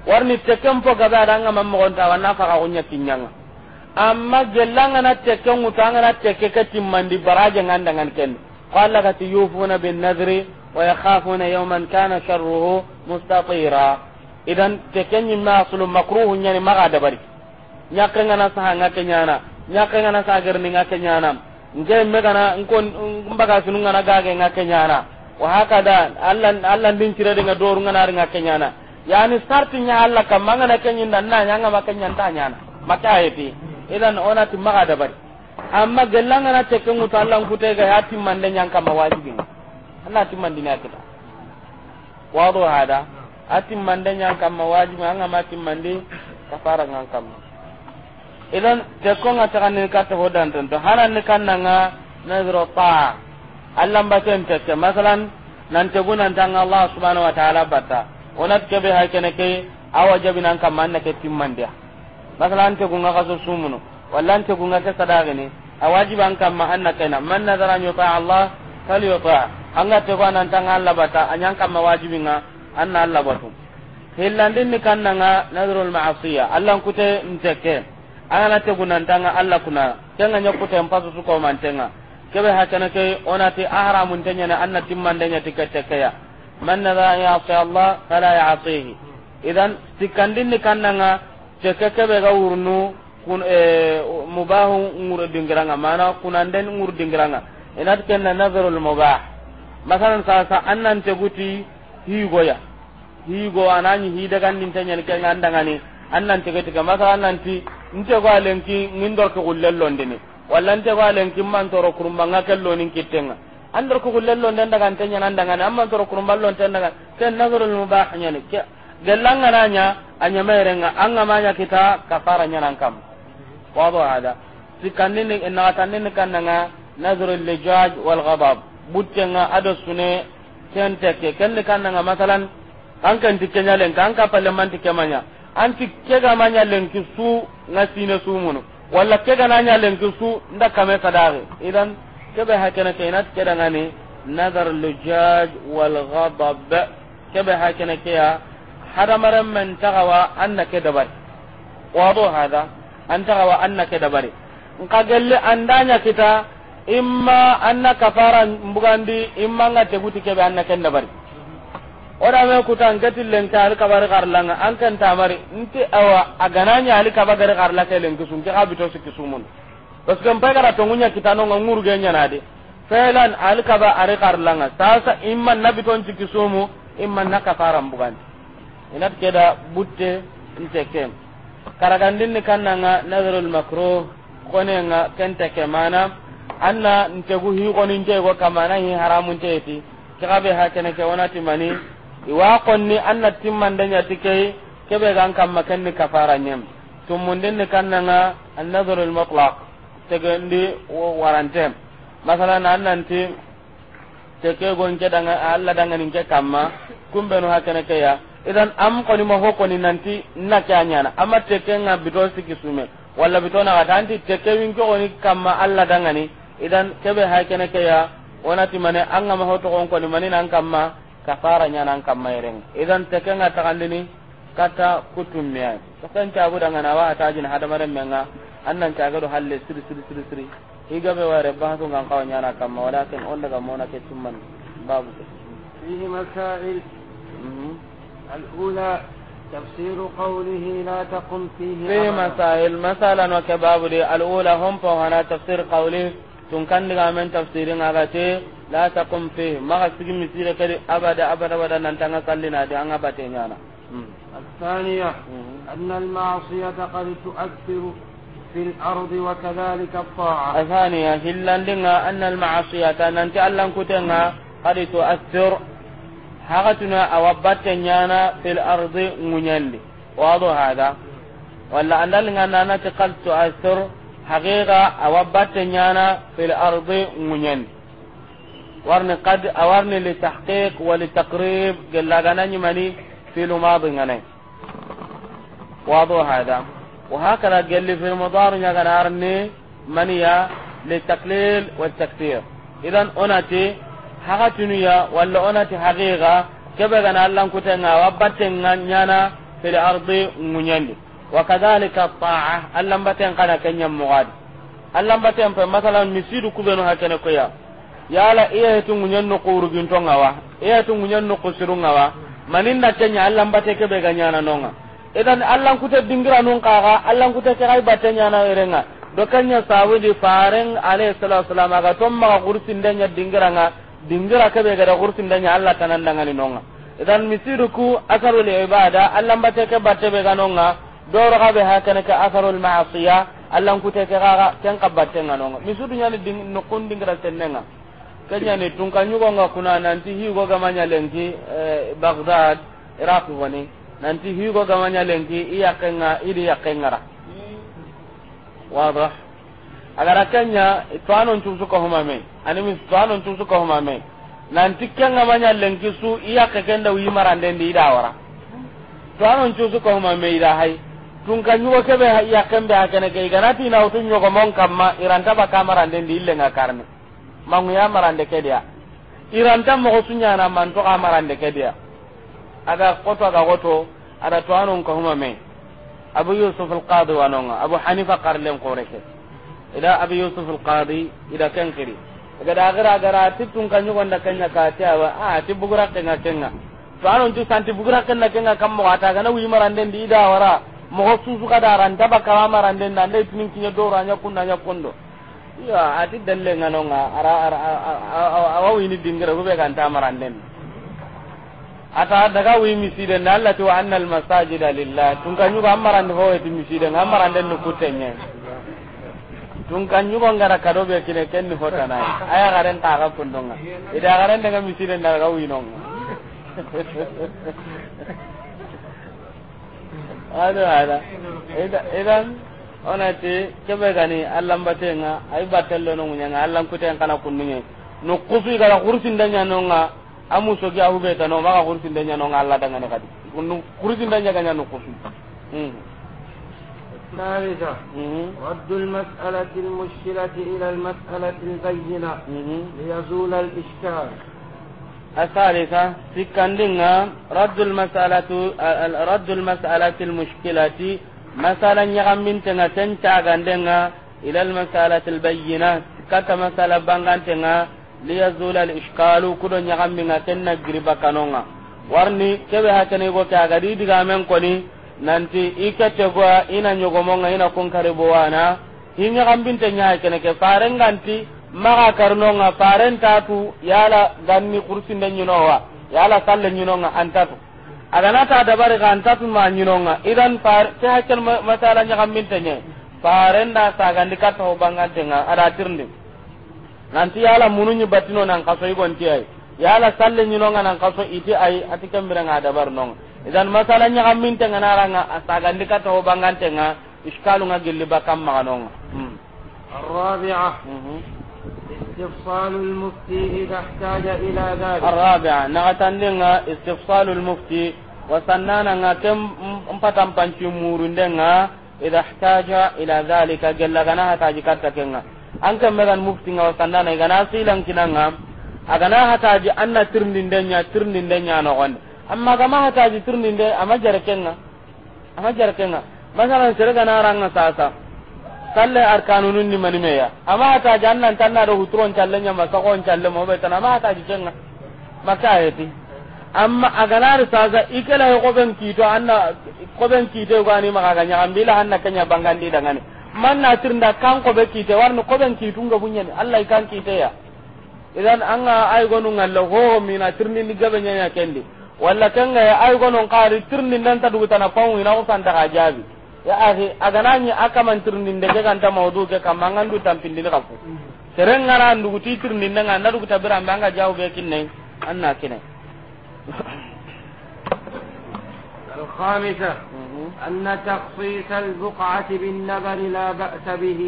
warni tekem po gaba danga mammo on tawanna faga kunya kinyanga amma gelanga na teke ngutanga na teke kati mandi baraje nganda ngan ken qala kati yufuna bin nadri wa yakhafuna yawman kana sharruhu mustatira idan teke nyi masulu makruhu nyani maga dabari nyaka ngana saha ngake nyana nyaka ngana sagar ni ngake nyana nge megana nkon mbaga sunu ngana gage ngake nyana wa hakada allan allan din cire dinga doru ngana ngake nyana yani sarti nya alla kamanga na kenyin dan na nyanga makanya ntanya na makayeti ona onati maga dabari amma gellanga na kan uta allah kute ga ya timmande nyanka ma wajibi allah timmande nya kita wado hada atimmande nyanka ma wajibi anga ma timmande kafara nyanka ma idan tekko ngata kan ka to hodan to hanan ne kannanga nazro pa allah mbaten ce masalan nan tegu nan tanga allah subhanahu wa ta'ala bata onat kebe hakene ke awajabi nan kamman ne ke timmandia masalan te gunga kaso sumuno walla ante gunga ke sadagini awajiban kamma anna kaina man nadara yuta allah fal yuta anga te ko nan tanga allah bata anyan kamma wajibinga anna allah batu din ni kannanga nadrul ma'asiya allah kute nteke anana te nan tanga allah kuna kenga nyakute mpasu suko mantenga kebe hakana ke onati ahramun tenya na anna timmandenya tiketekeya man nadara ya'si allah fala ya'sihi idan tikandin ni kannanga ceke kebe ga wurnu kun eh, mubahu ngur dingiranga mana den ngur dingiranga inat kenna nazarul mubah masalan sa annan teguti higoya higo anani hidagan din tanyan ke ni annan tegeti ga masa annan ti nte go alenki dor ko gullellonde ni walla nte go alenki man toro kurumba ngakello nin kittenga andor ko gullellonde ndaga tanyan andangani amman toro kurumba lon tandaga ken nazarul mubah nyane ke gellanga nanya anya erenga anga manya kita kafara nyana kam wado ada sikandini nagatandini kannanga nazru lijaj wal ghadab buttenga ado sune kenteke kenne nga masalan ankan tikkenya lenka anka parlement tikkemanya anti kega manya lenki su ngasine su munu walla kega nanya lenki su nda kame kadare idan kebe hakana kainat kedangani nazar lijaj wal ghadab kebe hakana kaya hada maran man tagawa annaka dabari wado hada an tagawa annaka dabari nka gelle andanya kita imma anna kafara mbugandi imma nga teguti kebe annaka dabari oda me kuta ngati lenta al kabar karlanga an kan tamari nti awa agananya al kabar karla kelen kisun ki habito sikisumun parce que mpa gara tongunya kita no nguru genya nade felan al kabar are karlanga sasa imma nabito sikisumu imma na kafara inat keda butte inte ken karagandin ni nga nazarul makruh kone nga kente ke mana anna nte gu hi koni nte go kamana hi haramu te ti kabe ha kene ke wona timani iwa konni anna timman danya tike kebe gan kamma kenni kafara nyem tumundin ni kanna nga nazarul mutlaq tegendi warante masalan nti teke gon ke danga alla danga ninke kamma kumbenu ha kene ke ya idan am koni ma ho koni nanti na kanya na amma teke nga bito siki sume bi bito na kata anti teke win ko kama kamma alla dangani idan kebe ha kene ke ya onati mane anga ma ho to kon koni mani nan ka kafara nya nan kamma ireng idan teke nga takandini kata kutum ya sakan ta bu dangana wa tajin hadamaren menga annan ta gado halle siri siri siri siri higa be ware ba to ngan kawanya na wala ken on daga mona ke tumman babu فيه مسائل الأولى تفسير قوله لا تقم فيه في مسائل مثلا وكباب دي الأولى هم فهنا تفسير قوله تنكن لغا من تفسير غاتي لا تقم فيه ما سيجي مسيرة كده أبدا أبدا أبدا ننتنى صلينا دي أنا باتينيانا الثانية أن المعصية قد تؤثر في الأرض وكذلك الطاعة الثانية هلا لنا أن المعصية ننتي ألن كتنها قد تؤثر هاغتنا او باتن في الارض مجلي واضح هذا ولا ان لنا انا تقلت حقيقه او باتن في الارض مجلي ورني قد أورني لتحقيق ولتقريب قال لا في الماضي غنى واضح هذا وهكذا قال لي في المضار نجمني مني منيا للتقليل والتكثير اذا اناتي haga tunuya walla onati haqiqa kebe gana allan kutenga wa battenga nyana fil ardi munyandi wa kadhalika ta'a allan baten kana kenya mugadi allan baten pe masalan misidu kubenu hakene koya yala iya hetu munyan quru qurugin wa iya hetu munyan no qusirunga wa maninda kenya allan bate kebe ganya nonga idan allan kute dingira nun kaga allan kute kai baten nyana erenga dokanya sawidi faren alayhi salatu wasalam aga tomma kursin denya dingira nga dingira be gara gurtin danya Allah tanan dangani nonga idan misiruku asarul ibada Allah mbate ke batte be ganonga doro be hakana ka asarul ma'siya Allah kute ke gara ken kabatte nganonga misudu nyani ding nukun dingira tenenga kanya ne tungka nyugo nga kuna nanti go gamanya lengi eh, Baghdad Iraq woni nanti go gamanya lengi iya kenga idi yakengara kengara hmm. wadah agara kanya tuanon tu suka homa me ani min tuanon tu suka homa me nanti kenga manya lenki su iya ka kenda wi marande ndi da wara tuanon tu suka homa me ida hay tun kan yugo kebe iya kembe akene ke iganati na utun yugo mon kamma iranta ba kamarande ndi ille nga karne mangu ya marande ke dia iranta mo sunya na man to kamarande ke dia aga koto aga koto ada tuanon ko homa me abu yusuf al qadi wanonga abu hanifa qarlen qoreke ila abi yusuf alqadi ida kankiri daga da gara gara titun kan yugo nda kanya ka ba a ti bugura kanya kanya to anon ju santi bugura kanya kanya kam mo ata na wi marande ndi ida wara mo ho ka da ran daba ka marande na ndai tinin kinya do ranya kunna nya kondo ya ati dalle ngano nga ara ara wi ni dingira go be kan ta marande ata daga wi miside nda Allah to annal masajida lillah tun kan yugo amarande ho eti miside ngamarande ku kutenye tun kan nyugo ngara kado be kine ken ni hota na aya garen ta ga kundonga ida garen daga misire na ga winonga ada ada ida idan onati kebe gani allan batenga ay batello no munyanga allan kuten kana kunnunge no kusu gara kursin danya nonga amu sogi ahu beta no maga kursin danya nonga alla danga ne kadi kunnu kursin danya ganya no kusu hmm الثالثة رد المسألة المشكلة إلى المسألة البينة ليزول الإشكال الثالثة سكندنا رد المسألة رد المسألة المشكلة مثلا يغم من تنتن تاغندنا إلى المسألة البينة كتا مسألة بانغانتنا ليزول الإشكال كدو يغم من تنجربا كانونا warni kebe hakene go kaga di diga men koni nanti ikete boa ina ñogomonga ina kunkari bowana kambinte ñaha kene ke farenganti maga karnonga farentatu yala ganni kursinde ñinowa yala salle ñinonga antatu ta dabari ga antatu ma ñinonga idan ke hakken masala ñagambinte sa farenda sagandi banga bangantenga ada tirndi nanti yala munuñi batino nan kaso igonti ay yala salle ñinonga nan kaso iti ay ati nga dabar nonga idan masala nya kam min tanga nga asaga ndika to bangan tanga iskalu nga gilli bakam magano الرابعة استفصال المفتي إذا احتاج إلى ذلك الرابعة نغتنغا استفصال المفتي nga كم امبتام بانشي مورندنغا إذا احتاج إلى ذلك جل غناها تاجكاتكنغا an kan megan mufti nga wasanda na igana silan kinanga agana hataji anna tirndindenya tirndindenya no gonde amma ga ma hata ji turnin de amma jarkenna amma jarkenna masalan sere ga na sasa talle arkanunun ni mani meya amma hata jannan tanna da hutron challe nya masa kon challe mo be tanama hata ji kenna maka yati amma aganar sasa ikela ko ben kito anna ko ben kito gani maka ganya ambila anna kanya bangandi dangane man na tirnda kan ko be kite warno ko ben kitu nga bunyani allah kan kite ya idan anga ay gonu ngalla ho mina na tirni ni gabe nya kendi wala kenga ya ay gonon qari tirni nan ta duguta na pawu ina usan ta jabi ya ahi aganani aka man tirni de kan ta mawdu ke kamangan du tampin din kafu sereng ngara ndugu ti tirni nan anda duguta biram banga jawu be kinne anna kinne الخامسة أن تخصيص البقعة بالنبر لا بأس به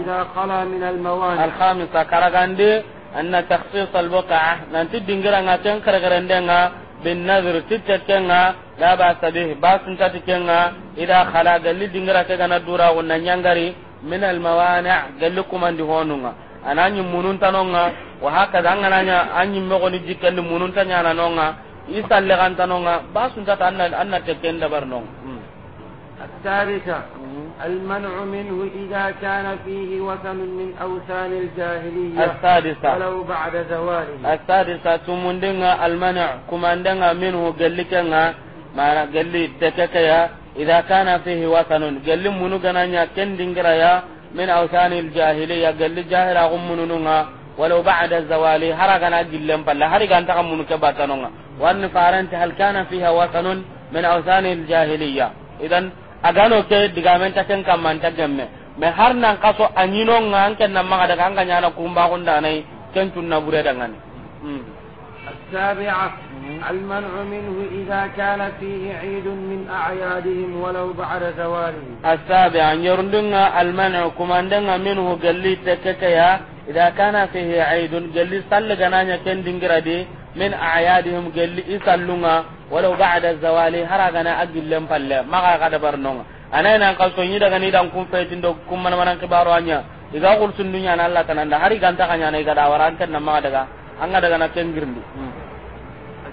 إذا خلا من الموانع الخامسة كرغاندي anna takhsis albuqa'a nanti dingira nga kare kararendenga bin nadhr titakenga la ba sabih basun kenga ida khala galli dingira ke gana dura wonna nyangari min al gallukum andi honunga ananyi munun tanonga wa haka dangananya anyi megoni jikandi munun tanyana nonga isalle kan tanonga ba tata anna anna tekenda hmm. الثالثة المنع منه إذا كان فيه وثن من أوثان الجاهلية السادسة ولو بعد زواله السادسة مندنا المنع كماندنا منه لك ما قال تككيا إذا كان فيه وثن قال منغنا كندنغريا من أوثان الجاهلية قال جاهل غمنونها ولو بعد الزوال هرغنا قلن بل هرغن تغمون كباتنونها وأن فارنت هل كان فيها وثن من أوثان الجاهلية إذن agano ke digamen ta ken kamman ta gemme me har nan kaso anyino nga anke nan maga daga anga nyana kumba kon danai ken na bure da ngani hmm. hmm. المنع منه إذا كان فيه عيد من أعيادهم ولو بعد زواله يرندنا المنع كماندنا منه إذا min a'yadihim gelli isallunga walau ba'da zawali haragana agillen palle maga kada barnonga anay nan kal to nyida gani dan kum fetin do kum man manan kibaro anya iga kul sundunya na Allah tananda hari ganta kanya na iga dawaran kan namma daga anga daga na kengirndi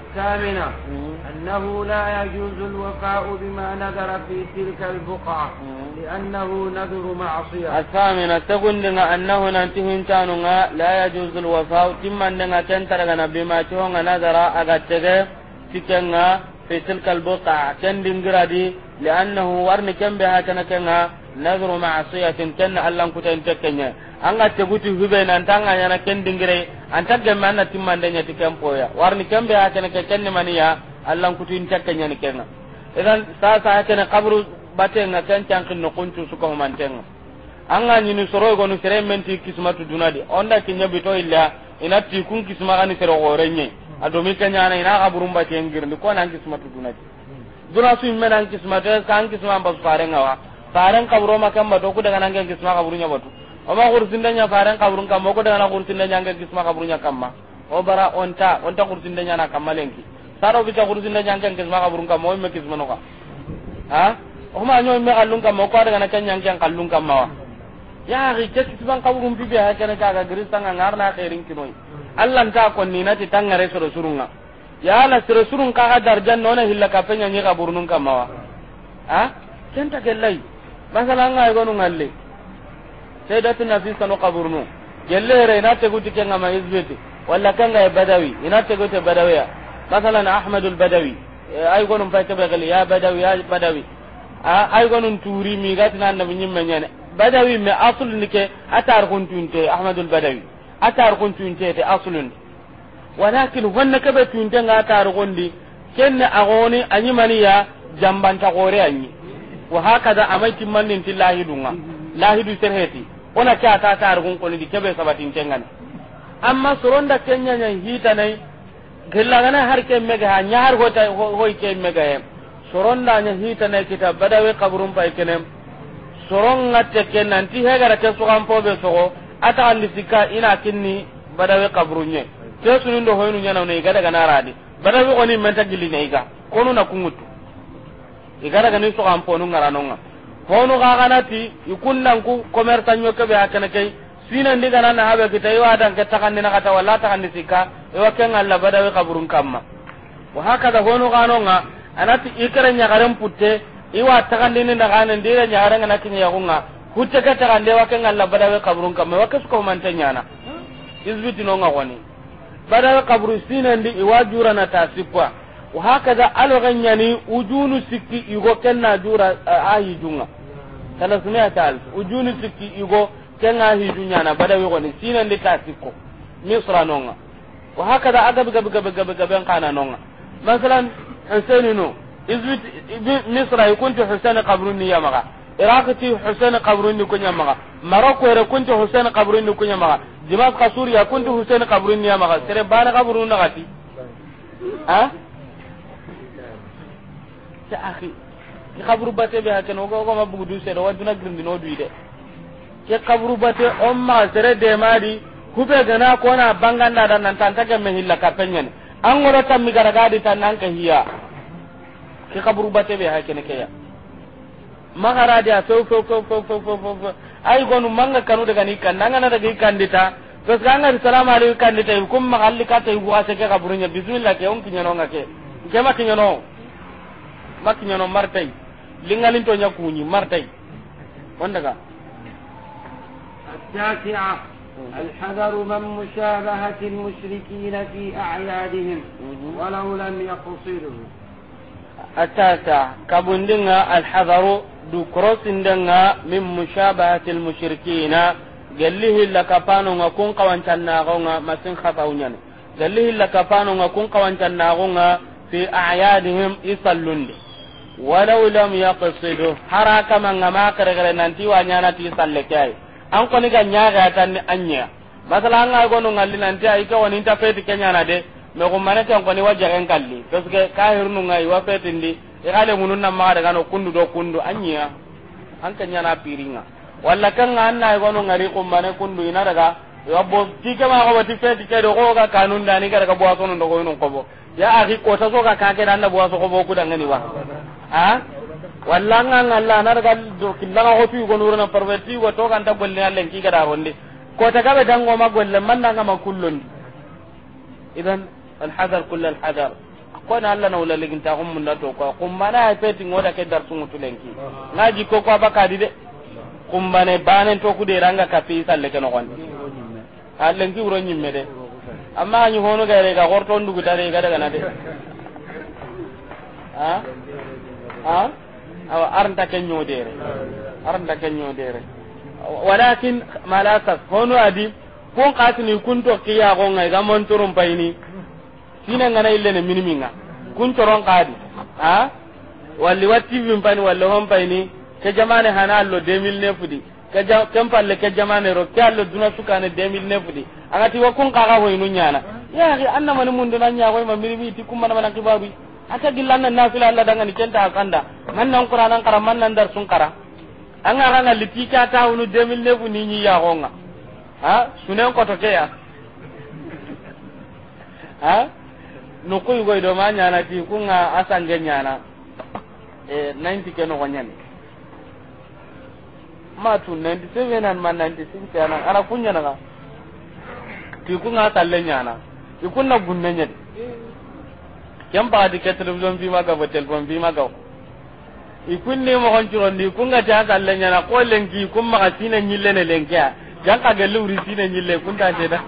الثامنة hmm. أنه لا يجوز الوفاء بما نذر في تلك البقعة لأنه نذر معصية الثامنة تقول أنه ننتهن تانونا لا يجوز الوفاء ثم أننا تنترغنا بما تهون نذر أغتغي تكنا في تلك البقعة كن دنقردي لأنه ورن كم بها كنكنا نذر معصية كن ألان كتن تكنا anga teguti hube nan tanga yana ken dingire anta gemma na timman denya tikempo ya warni kembe ha kana ke kenni maniya allan kutu inta kenya ni kenga idan sa hakene qabru batenga tan cankin no kuntu suka humantenga anga ni soro go no sere menti kismatu dunadi onda kenya bito illa ina ti kun kisma kan sere gorenye adomi kenya na ina qabrun batengir ni ko nan kismatu dunadi duna su imme nan kismatu kan kisma ba su farenga wa faren ma makam ba to ku daga nan ken kisma nya batu oma kursindanya faren kaburun kamma ko daga na kursindanya ngal kisma kaburunya kamma o bara onta onta danya na kamalenki lenki saro bi bita kursinda ñanken kisma kaburun kamma wo imme kismanoka a oma ño imme kallun mo ko adagana ken ñanken kallun ya ri ke kisman kaburun bi ha kene kaga giristanga ngarna xerin kinoy allanta konninati tangare soro surunga yala sere surun kaga darjan na hilla ma wa ha ken ta kenta lai masala nga gonu ngalle sayyidatu nafisa no kaburun. gelle re na teguti kenga ma izbeti walla kanga e badawi ina teguti e badawiya مثلا احمد البدوي اي غون فاتبغل يا بدوي يا بدوي ay gonun turi mi gatina annabi nyimme nyane badawi me asul nike atar kuntunte ahmadul badawi atar kuntunte te asulun walakin wanna kabe tunte nga atar gondi kenne agoni anyimani ya jamban ta gore anyi wa hakada amai timmannin tillahi dunga lahidu serheti ona ka ta atar gon koni di kebe sabatin tengani amma soronda kenya nyan hita nai gana har ke mega ha nyar ho hota ho ke mega hem soron da nya hita na kita badawe kaburun pa ikene soron ngatte ke nanti he gara sugan sukan be sogo ata andi sikka ina kinni badawe kaburun nye te sunin do hoynu nya na ne ga daga naradi badawe oni menta gilli ne ga kono na kungutu igara gani sukan ponu ngaranonga hono ga ti ikunnan ku commerce nyoke be hakana kai sina ndi kana na habe kita iwa dan ka takandi na kata walla takandi sikka iwa ken bada we kaburun kamma wa hakada hono nga anati ikara nyagaren putte iwa takandi ni daga dira garan na kinya yakunga hutte ka takande wa ken bada we kaburun kamma wa kesko nya na izbiti no bada we kaburu sina ndi iwa jura na tasipwa wa ganya ni ujunu sikki igo ken na jura eh, ahijunga 300 alf ujunu sikki igo kenga na bada wi goni sinan de ta misra nonga wa hakada adab gab gab gab gab kana nonga masalan husaini no izbit misra yakuntu husaini qabrun ni yamaga iraqti ti qabrun ni kunya maga maroko era kuntu husaini qabrun ni kunya maga dimas ka suriya kuntu husaini qabrun ni yamaga sere bana qabrun na gati ha ta akhi ki qabru batebe be hakeno go go du sere waduna grindino duide ke kaburu bate on ma sere de mari kube gana ko na banganda dan nan tan taga me hilla penyen an ngoro tan mi gara gadi tan nan ka hiya ke kaburu bate be ha kene ke ya magara dia so so so so so so so ai gonu manga kanu daga ni kan nan daga ni kan dita to sanga assalamu alaikum kan dita kum ma halli ka tay bu ase ke nya bismillah ke on kinyano ngake ke ma kinyano ma kinyano martai lingalin to nya kunyi martai wanda daga التاسعة الحذر من مشابهة المشركين في أعيادهم ولو لم يقصده التاسع كبندنا la kapano kun kawancan na nga masin khatawnyani gellihi la kapano nga kun kawancan na nga fi a'yadihim isallundi walau lam yaqsidu haraka ma kare kare nanti wanyana ti sallekay an koni ga nyaaga tan anya masala an ga gonu ngalli nan ta ika woni ta feti kenya na de me ko mane tan wa waje ren kalli parce que ka hirnu ngai wa feti ndi e gale munun nan ma daga no oh, kundu do kundu anya an kanya piri piringa walla kan an na gonu ngari ko mana kundu ina daga yabbo tike ma ko ti feti ke do ko ga kanun dani ga daga buwa sonu do ko non ko bo ya akhi ko ta so ga ka ke dan na buwa so ko bo ku dan ngani wa ha walla nga ngalla na daga do killanga hotu go nurna parwati go to kan ta golle allen ki gada ronde ko ta gabe dango ma golle man nga ma kullun idan al hadar kull al hadar ko na alla na wala ligin ta gum na to ko kum mana ay peti ngoda ke dar sungu na ji ko ko baka di de kum bane banen to ku de ranga ka pi salle ke no kon allen ki wuro nyimme de amma anyi hono ga re ga gorto ndugu tare ga daga na de ha ha awa arnta ken nyodere arnta ken nyodere walakin malaka hono adi kun kon katini kunto kiya gonga ga monturum paini sina ngana ille ne miniminga kun toron kadi ha walli watti vim pani walli hon paini ke jamane hana allo 2009 di ke jam palle ke jamane ro ke allo duna suka ne 2009 di agati wa kun kaga hoyinu nyana ya ri annama ni mundu nanya hoy ma minimi ti kumana manan kibabi ata gillanna nafila Allah danga ni kenta kanda man nan qur'anan kara man nan dar sun kara an na liti ka ta hunu 2009 ni ni ya gonga ha sunen ko to ke ya ha no kuy goy do ma nyana ti kunga asange nyana e 90 ke no ma tu 97 nan man 96 kana ara kunya na ti kunga talle na ikunna gunne nyadi kem pa di ke television bi ma ga bo telephone bi ma ga ikunni mo gon ni di ga ta ga lenya na ko lengi kun ma sina nyille ne ga jan ka ga luri sina nyille kun ta da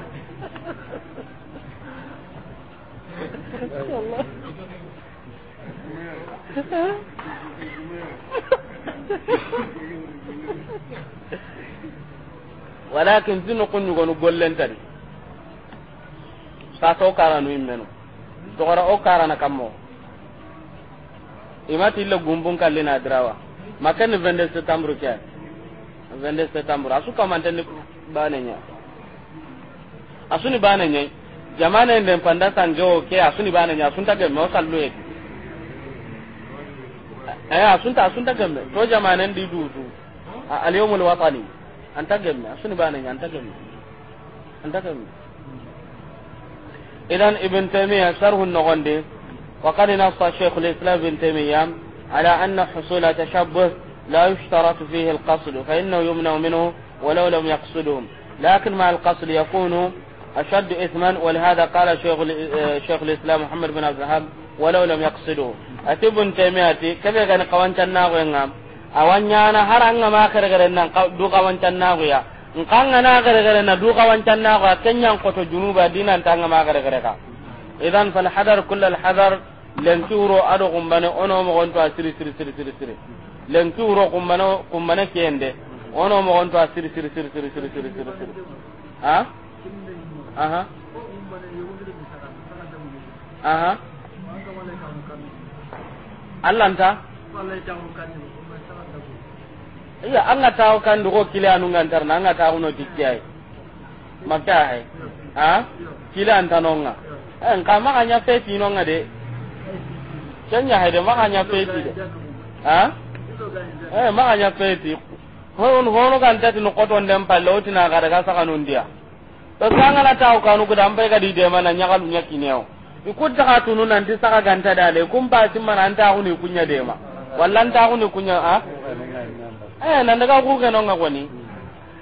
walakin zinu kun yugo nu gollen tadi sa to karanu immenu dogora o karana kammo imati illa gumbun kalli na dirawa makan vende 20 septembre ke 20 septembre asu kamante ni banenya asu ni banenya jamana nden panda sange ke asu ni banenya asun ta gemme o sallu e eh, eh asun ta asun ta gemme to jamana ndi dudu al yawmul watani anta gemme asu ni banenya anta gemme anta gemme اذا ابن تيميه شره النغندي وقد نص شيخ الاسلام ابن تيميه على ان حصول تشبه لا يشترط فيه القصد فانه يمنع منه ولو لم يقصده لكن مع القصد يكون اشد اثما ولهذا قال شيخ آه، شيخ الاسلام محمد بن عبد الوهاب ولو لم يقصده اتي ابن تيميه كيف كان قوانتنا وين اوانيانا haranga ما kare kare nan du قوانتا naguya nkanga na gare gare na duka wancan na ko ko to junuba dinan tanga ma gare gare ka idan fal hadar kull al hadar lenturo ado kumbane ono mo gonto asiri siri siri siri siri lenturo gumbane gumbane kende ono mo gonto asiri siri siri siri siri siri siri siri ha aha aha Allah nta iya ga taw kan do ko kile anu ngantar na anga taw no tikkiyai maka hay ha kile antanonga en eh, kama kanya fe tinonga de kenya hay de makanya fe ti de ha eh makanya fe ti horon horon kan tati no koton dem palle otina gara ga saka non dia to sanga na taw kanu ko dambe ga di de mana nyakalu nyakineo ikutta ka tunun nan ti saka ganta dale kumpa simman anta ni kunya dema wallan ta huni kunya a eh nan daga ku ga non ga ni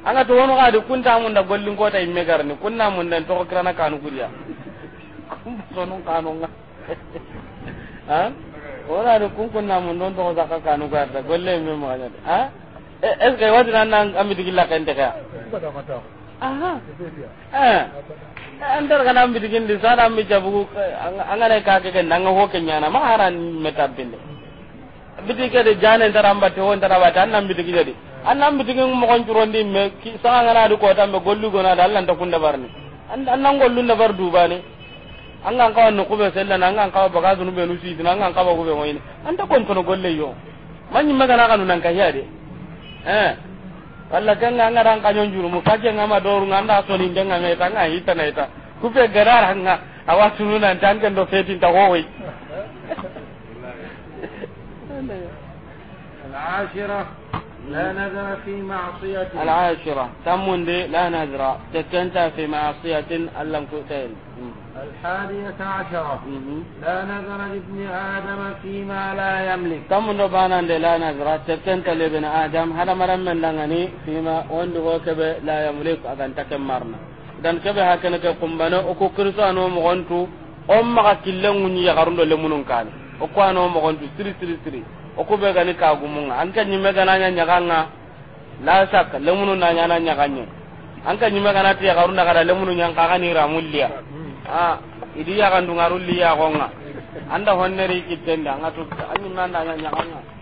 anga to wono ga de kun ta mun da gollin ko ta imme garni kun na mun dan to kira na kanu kuriya kun so non kanu nga ha ora de kun kun eh, na mun don to ko zakka kanu ga da golle me ma ha est ce que wadi nan nan ambi digilla kan ta ka aha eh andar eh, kana ambi digindi sada ambi jabu eh, anga ne ka ke nan ho ke nya ma haran metabinde bitigi de jane ndara mbate ho ndara wata annan bitigi jadi annan bitigi mo gon curondi me ki sanga ngana di kota me gollu gona da Allah ta kunda barni annan gollu na bar an angan kawa no kube sella na angan kawa baga zunu be nusi dina angan kawa kube mo ini anta kon tono golle yo manyi maga gana kanu nan kahiya de eh walla ganga ngaran kanyon juru mu kaje ngama doru nganda so ni denga ngai tanga hita na hita kupe garar hanga awa sununa tanken do fetin ta hoyi العاشرة لا نذر في معصية العاشرة تم دي لا نذر تكنت في معصية ألم كتين الحادية عشرة لا نذر لابن آدم فيما لا يملك تم نبانا لا نذر تكنت لابن آدم هذا مرم من لغني فيما وانده كبه لا يملك أغن تكمرنا dan kebe hakene ke kumbane o ko kirso anu mo gontu o maga killengu ni yagarundo le munun kani o ko ano mo gon siri siri siri o ko be ni ka nga an me ga na nya nyaganga la sak lemunu na nya na nya an kan na gana tiya garunda kada lemunu nya ka gani ramulliya mm. a ah, idi ya kan dungarulliya gonga anda nga kitenda an ni na nya nga.